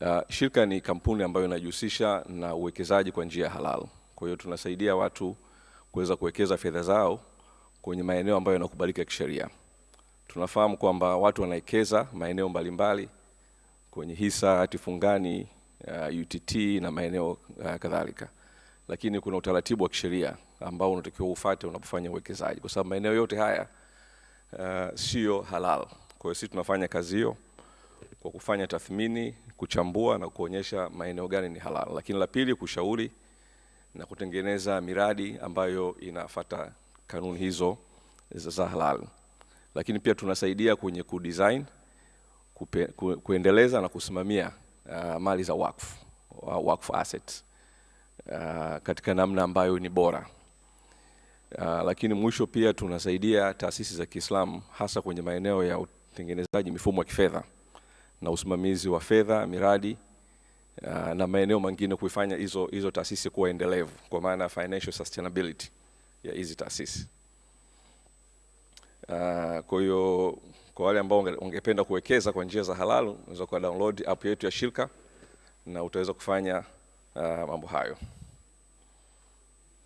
Uh, shirika ni kampuni ambayo inajihusisha na uwekezaji kwa njia halal. Kwa hiyo tunasaidia watu kuweza kuwekeza fedha zao kwenye maeneo ambayo yanakubalika kisheria. Tunafahamu kwamba watu wanawekeza maeneo mbalimbali kwenye hisa, hati fungani, uh, UTT na maeneo uh, kadhalika, lakini kuna utaratibu wa kisheria ambao unatakiwa ufate unapofanya uwekezaji, kwa sababu maeneo yote haya uh, siyo halal. Kwa hiyo sisi tunafanya kazi hiyo kwa kufanya tathmini, kuchambua na kuonyesha maeneo gani ni halali, lakini la pili kushauri na kutengeneza miradi ambayo inafata kanuni hizo za halali. Lakini pia tunasaidia kwenye kudesign, kupe, ku, kuendeleza na kusimamia uh, mali za wakfu, uh, wakfu assets uh, katika namna ambayo ni bora uh, lakini mwisho pia tunasaidia taasisi za Kiislamu hasa kwenye maeneo ya utengenezaji mifumo ya kifedha na usimamizi wa fedha, miradi uh, na maeneo mengine kuifanya hizo hizo taasisi kuwa endelevu kwa maana ya financial sustainability ya hizi taasisi. Uh, kwa hiyo kwa wale ambao ungependa kuwekeza kwa njia za halali unaweza ku download app yetu ya shirika na utaweza kufanya uh, mambo hayo.